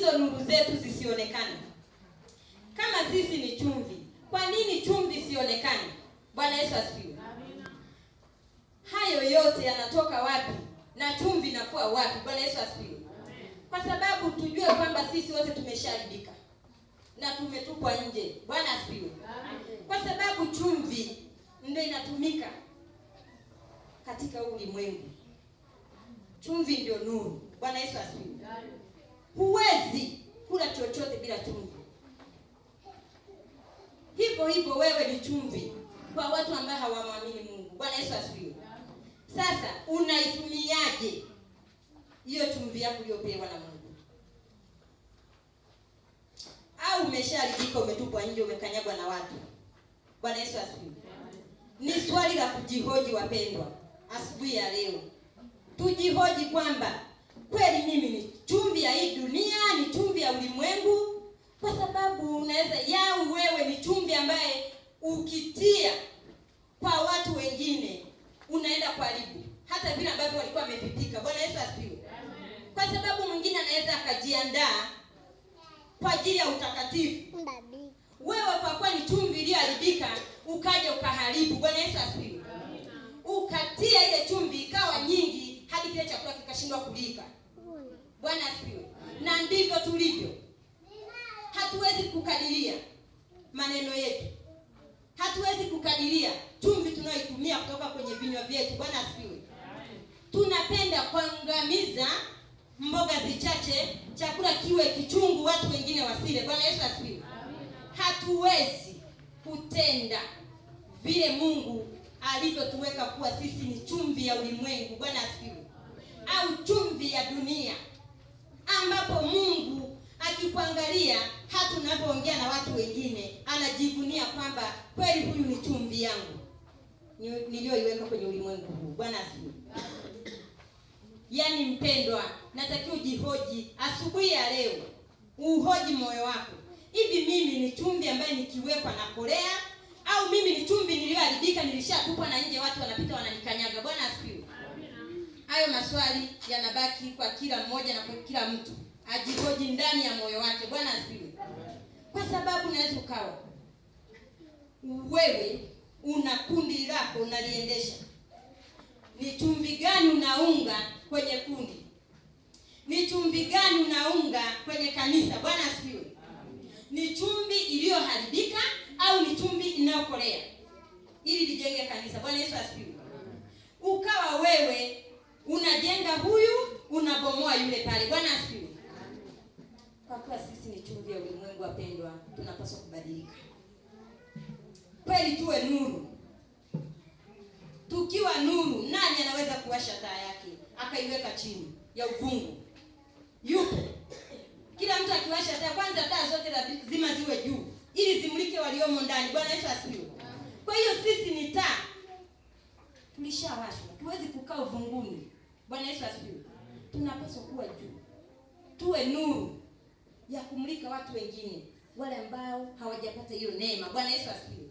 hizo nuru zetu zisionekane. Kama sisi ni chumvi, kwa nini chumvi sionekane? Bwana Yesu asifiwe. Hayo yote yanatoka wapi na chumvi inakuwa wapi? Bwana Yesu asifiwe. Kwa sababu tujue kwamba sisi wote tumesharibika na tumetupwa nje. Bwana asifiwe. Kwa sababu chumvi ndio inatumika katika ulimwengu. Chumvi ndio nuru. Bwana Yesu asifiwe. Huwezi kula chochote bila chumvi. Hivyo hivyo wewe ni chumvi kwa watu ambao hawamwamini Mungu. Bwana Yesu asifiwe. Sasa unaitumiaje hiyo chumvi yako uliyopewa na Mungu? Au umeshaharibika, umetupwa nje, umekanyagwa na watu? Bwana Yesu asifiwe. Ni swali la kujihoji wapendwa, asubuhi ya leo tujihoji kwamba kweli mimi ni chumvi ya hii dunia, ni chumvi ya ulimwengu, kwa sababu unaweza yau, wewe ni chumvi ambaye ukitia kwa watu wengine unaenda kuharibu hata vile ambavyo walikuwa wamepitika. Bwana Yesu asifiwe. Kwa sababu mwingine anaweza akajiandaa kwa ajili ya utakatifu, wewe kwa kuwa ni chumvi iliyoharibika, ukaja ukaharibu. Bwana Yesu asifiwe. Ukatia ile chumvi ikawa nyingi hadi kile chakula kikashindwa kulika. Bwana asifiwe. Na ndivyo tulivyo, hatuwezi kukadiria maneno yetu, hatuwezi kukadiria chumvi tunayoitumia kutoka kwenye vinywa vyetu. Bwana asifiwe. Tunapenda kuangamiza mboga zichache, chakula kiwe kichungu, watu wengine wasile. Bwana Yesu asifiwe. Hatuwezi kutenda vile Mungu alivyotuweka kuwa sisi ni chumvi ya ulimwengu. Bwana asifiwe, au chumvi ya dunia ambapo Mungu akikuangalia hata unapoongea na watu wengine anajivunia kwamba kweli huyu ni chumvi yangu niliyoiweka kwenye ulimwengu huu. Bwana asifiwe. Yaani mpendwa, natakiwa ujihoji asubuhi ya leo, uhoji moyo wako. Hivi mimi ni chumvi ambaye nikiwekwa na kolea, au mimi ni chumvi niliyoharibika, nilishatupwa na nje, watu wanapita wananika hayo maswali yanabaki kwa kila mmoja na kwa kila mtu ajihoji ndani ya moyo wake. Bwana asifiwe. Kwa sababu unaweza ukawa wewe una kundi lako unaliendesha, ni chumbi gani unaunga kwenye kundi? Ni chumbi gani unaunga kwenye kanisa? Bwana asifiwe. Ni chumbi iliyoharibika au ni chumbi inayokolea ili lijenge kanisa? Bwana Yesu asifiwe. Ukawa wewe unamleta huyu unabomoa yule pale. Bwana asifiwe. Kwa kuwa sisi ni chumvi ya ulimwengu, wapendwa, tunapaswa kubadilika kweli, tuwe nuru. Tukiwa nuru, nani anaweza kuwasha taa yake akaiweka chini ya uvungu? Yupo. Kila mtu akiwasha taa, kwanza taa zote lazima ziwe juu ili zimulike waliomo ndani. Bwana Yesu asifiwe. Kwa hiyo sisi ni taa, tulishawashwa, tuwezi kukaa uvunguni. Bwana Yesu asifiwe. Tunapaswa kuwa juu, tuwe nuru ya kumulika watu wengine, wale ambao hawajapata hiyo neema. Bwana Yesu asifiwe.